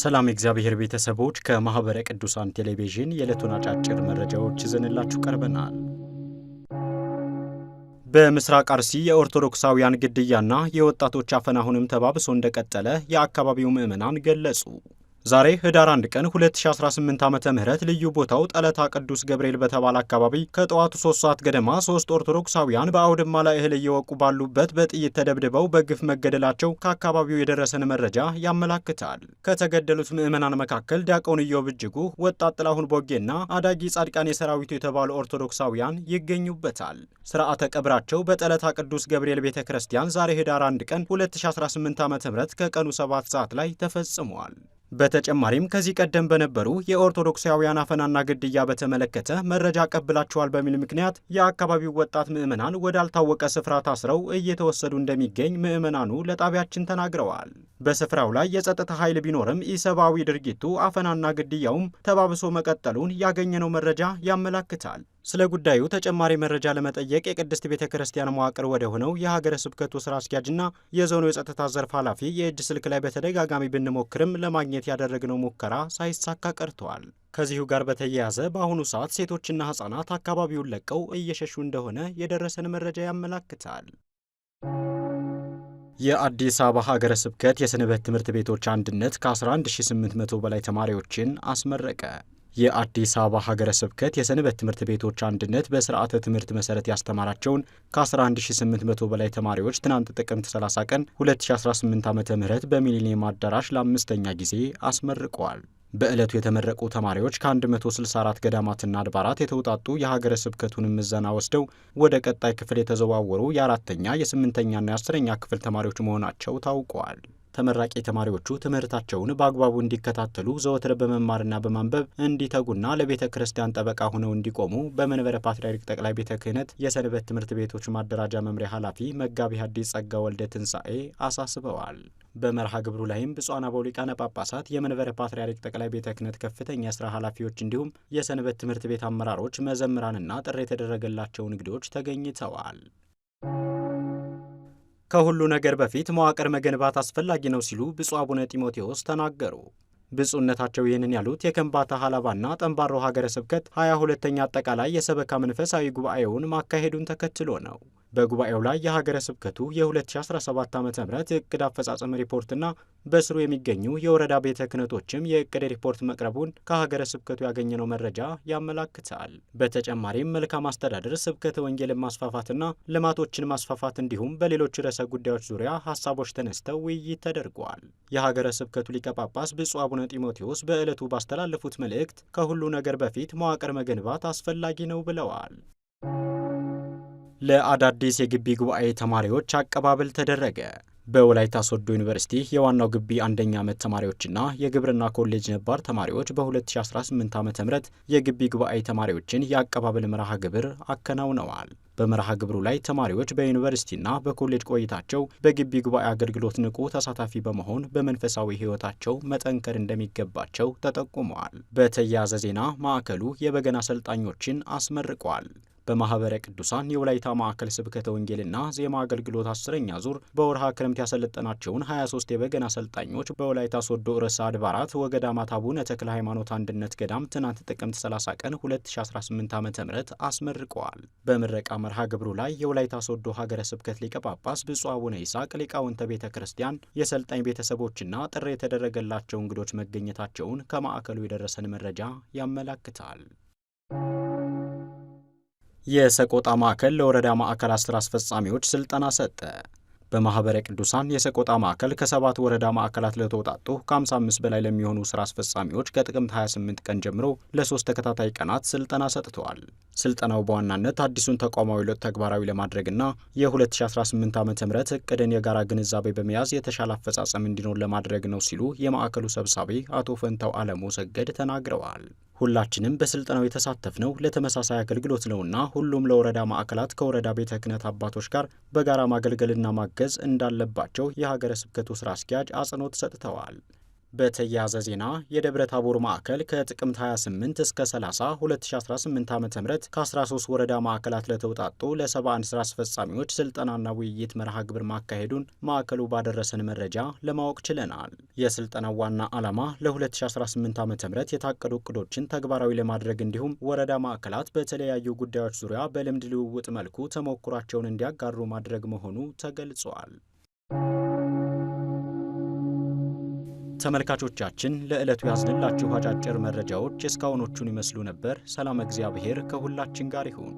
ሰላም የእግዚአብሔር ቤተሰቦች ከማኅበረ ቅዱሳን ቴሌቪዥን የዕለቱን አጫጭር መረጃዎች ይዘንላችሁ ቀርበናል። በምስራቅ አርሲ የኦርቶዶክሳውያን ግድያና የወጣቶች አፈና አሁንም ተባብሶ እንደቀጠለ የአካባቢው ምዕመናን ገለጹ። ዛሬ ህዳር 1 ቀን 2018 ዓመተ ምህረት ልዩ ቦታው ጠለታ ቅዱስ ገብርኤል በተባለ አካባቢ ከጠዋቱ 3 ሰዓት ገደማ ሶስት ኦርቶዶክሳውያን በአውድማ ላይ እህል እየወቁ ባሉበት በጥይት ተደብድበው በግፍ መገደላቸው ከአካባቢው የደረሰን መረጃ ያመላክታል። ከተገደሉት ምዕመናን መካከል ዲያቆን ኢዮብ እጅጉ፣ ወጣት ጥላሁን ቦጌና አዳጊ ጻድቃኔ ሰራዊቱ የተባሉ ኦርቶዶክሳውያን ይገኙበታል። ስርዓተ ቀብራቸው በጠለታ ቅዱስ ገብርኤል ቤተ ክርስቲያን ዛሬ ህዳር 1 ቀን 2018 ዓመተ ምህረት ከቀኑ 7 ሰዓት ላይ ተፈጽሟል። በተጨማሪም ከዚህ ቀደም በነበሩ የኦርቶዶክሳውያን አፈናና ግድያ በተመለከተ መረጃ ቀብላቸዋል በሚል ምክንያት የአካባቢው ወጣት ምዕመናን ወዳልታወቀ ስፍራ ታስረው እየተወሰዱ እንደሚገኝ ምዕመናኑ ለጣቢያችን ተናግረዋል። በስፍራው ላይ የጸጥታ ኃይል ቢኖርም ኢሰብአዊ ድርጊቱ አፈናና ግድያውም ተባብሶ መቀጠሉን ያገኘነው መረጃ ያመላክታል። ስለ ጉዳዩ ተጨማሪ መረጃ ለመጠየቅ የቅድስት ቤተ ክርስቲያን መዋቅር ወደ ሆነው የሀገረ ስብከቱ ስራ አስኪያጅና የዞኑ የጸጥታ ዘርፍ ኃላፊ የእጅ ስልክ ላይ በተደጋጋሚ ብንሞክርም ለማግኘት ያደረግነው ሙከራ ሳይሳካ ቀርተዋል። ከዚሁ ጋር በተያያዘ በአሁኑ ሰዓት ሴቶችና ህጻናት አካባቢውን ለቀው እየሸሹ እንደሆነ የደረሰን መረጃ ያመላክታል። የአዲስ አበባ ሀገረ ስብከት የሰንበት ትምህርት ቤቶች አንድነት ከ11800 በላይ ተማሪዎችን አስመረቀ። የአዲስ አበባ ሀገረ ስብከት የሰንበት ትምህርት ቤቶች አንድነት በስርዓተ ትምህርት መሰረት ያስተማራቸውን ከ11800 በላይ ተማሪዎች ትናንት ጥቅምት 30 ቀን 2018 ዓ ም በሚሊኒየም አዳራሽ ለአምስተኛ ጊዜ አስመርቀዋል። በዕለቱ የተመረቁ ተማሪዎች ከ164 ገዳማትና አድባራት የተውጣጡ የሀገረ ስብከቱን ምዘና ወስደው ወደ ቀጣይ ክፍል የተዘዋወሩ የአራተኛ የስምንተኛና የአስረኛ ክፍል ተማሪዎች መሆናቸው ታውቋል። ተመራቂ ተማሪዎቹ ትምህርታቸውን በአግባቡ እንዲከታተሉ ዘወትር በመማርና በማንበብ እንዲተጉና ለቤተ ክርስቲያን ጠበቃ ሆነው እንዲቆሙ በመንበረ ፓትርያርክ ጠቅላይ ቤተ ክህነት የሰንበት ትምህርት ቤቶች ማደራጃ መምሪያ ኃላፊ መጋቢ ሐዲስ ጸጋ ወልደ ትንሣኤ አሳስበዋል። በመርሃ ግብሩ ላይም ብፁዓን አበው ሊቃነ ጳጳሳት፣ የመንበረ ፓትርያርክ ጠቅላይ ቤተ ክህነት ከፍተኛ ስራ ኃላፊዎች እንዲሁም የሰንበት ትምህርት ቤት አመራሮች፣ መዘምራንና ጥሪ የተደረገላቸው እንግዶች ተገኝተዋል። ከሁሉ ነገር በፊት መዋቅር መገንባት አስፈላጊ ነው ሲሉ ብፁዕ አቡነ ጢሞቴዎስ ተናገሩ። ብፁዕነታቸው ይህንን ያሉት የከምባታ ሀላባና ጠንባሮ ሀገረ ስብከት 22 ተኛ አጠቃላይ የሰበካ መንፈሳዊ ጉባኤውን ማካሄዱን ተከትሎ ነው። በጉባኤው ላይ የሀገረ ስብከቱ የ2017 ዓ ም እቅድ አፈጻጸም ሪፖርትና በስሩ የሚገኙ የወረዳ ቤተ ክህነቶችም የእቅድ ሪፖርት መቅረቡን ከሀገረ ስብከቱ ያገኘነው መረጃ ያመላክታል። በተጨማሪም መልካም አስተዳደር፣ ስብከተ ወንጌልን ማስፋፋትና ልማቶችን ማስፋፋት እንዲሁም በሌሎች ርዕሰ ጉዳዮች ዙሪያ ሀሳቦች ተነስተው ውይይት ተደርጓል። የሀገረ ስብከቱ ሊቀ ጳጳስ ብፁዕ አቡነ ጢሞቴዎስ በዕለቱ ባስተላለፉት መልእክት ከሁሉ ነገር በፊት መዋቅር መገንባት አስፈላጊ ነው ብለዋል። ለአዳዲስ የግቢ ጉባኤ ተማሪዎች አቀባበል ተደረገ። በወላይታ ሶዶ ዩኒቨርሲቲ የዋናው ግቢ አንደኛ ዓመት ተማሪዎችና የግብርና ኮሌጅ ነባር ተማሪዎች በ2018 ዓ ም የግቢ ጉባኤ ተማሪዎችን የአቀባበል መርሃ ግብር አከናውነዋል። በመርሃ ግብሩ ላይ ተማሪዎች በዩኒቨርሲቲና በኮሌጅ ቆይታቸው በግቢ ጉባኤ አገልግሎት ንቁ ተሳታፊ በመሆን በመንፈሳዊ ሕይወታቸው መጠንከር እንደሚገባቸው ተጠቁመዋል። በተያያዘ ዜና ማዕከሉ የበገና አሰልጣኞችን አስመርቋል። በማህበረ ቅዱሳን የወላይታ ማዕከል ስብከተ ወንጌልና ዜማ አገልግሎት አስረኛ ዙር በወርሃ ክረምት ያሰለጠናቸውን 23 የበገና አሰልጣኞች በወላይታ ሶዶ ርዕሰ አድባራት ወገዳማት አቡነ ተክለ ሃይማኖት አንድነት ገዳም ትናንት ጥቅምት 30 ቀን 2018 ዓ ም አስመርቀዋል። በምረቃ መርሃ ግብሩ ላይ የወላይታ ሶዶ ሀገረ ስብከት ሊቀ ጳጳስ ብፁዕ አቡነ ይስሐቅ ሊቃውንተ ቤተ ክርስቲያን፣ የሰልጣኝ ቤተሰቦችና ጥሪ የተደረገላቸው እንግዶች መገኘታቸውን ከማዕከሉ የደረሰን መረጃ ያመላክታል። የሰቆጣ ማዕከል ለወረዳ ማዕከል ስራ አስፈጻሚዎች ስልጠና ሰጠ። በማኅበረ ቅዱሳን የሰቆጣ ማዕከል ከሰባት ወረዳ ማዕከላት ለተውጣጡ ከ55 በላይ ለሚሆኑ ሥራ አስፈጻሚዎች ከጥቅምት 28 ቀን ጀምሮ ለሶስት ተከታታይ ቀናት ሥልጠና ሰጥተዋል። ሥልጠናው በዋናነት አዲሱን ተቋማዊ ለውጥ ተግባራዊ ለማድረግና የ2018 ዓ ም ዕቅድን የጋራ ግንዛቤ በመያዝ የተሻለ አፈጻጸም እንዲኖር ለማድረግ ነው ሲሉ የማዕከሉ ሰብሳቢ አቶ ፈንታው አለሙ ሰገድ ተናግረዋል። ሁላችንም በስልጠናው የተሳተፍነው ለተመሳሳይ አገልግሎት ነውና ሁሉም ለወረዳ ማዕከላት ከወረዳ ቤተ ክህነት አባቶች ጋር በጋራ ማገልገልና ማገዝ እንዳለባቸው የሀገረ ስብከቱ ስራ አስኪያጅ አጽንኦት ሰጥተዋል። በተያያዘ ዜና የደብረ ታቦር ማዕከል ከጥቅምት 28 እስከ 30 2018 ዓ ም ከ13 ወረዳ ማዕከላት ለተውጣጡ ለ71 ስራ አስፈጻሚዎች ስልጠናና ውይይት መርሃ ግብር ማካሄዱን ማዕከሉ ባደረሰን መረጃ ለማወቅ ችለናል። የስልጠናው ዋና ዓላማ ለ2018 ዓ ም የታቀዱ እቅዶችን ተግባራዊ ለማድረግ እንዲሁም ወረዳ ማዕከላት በተለያዩ ጉዳዮች ዙሪያ በልምድ ልውውጥ መልኩ ተሞክሯቸውን እንዲያጋሩ ማድረግ መሆኑ ተገልጿል። ተመልካቾቻችን ለዕለቱ ያዝንላችሁ አጫጭር መረጃዎች እስካሁኖቹን ይመስሉ ነበር። ሰላም እግዚአብሔር ከሁላችን ጋር ይሁን።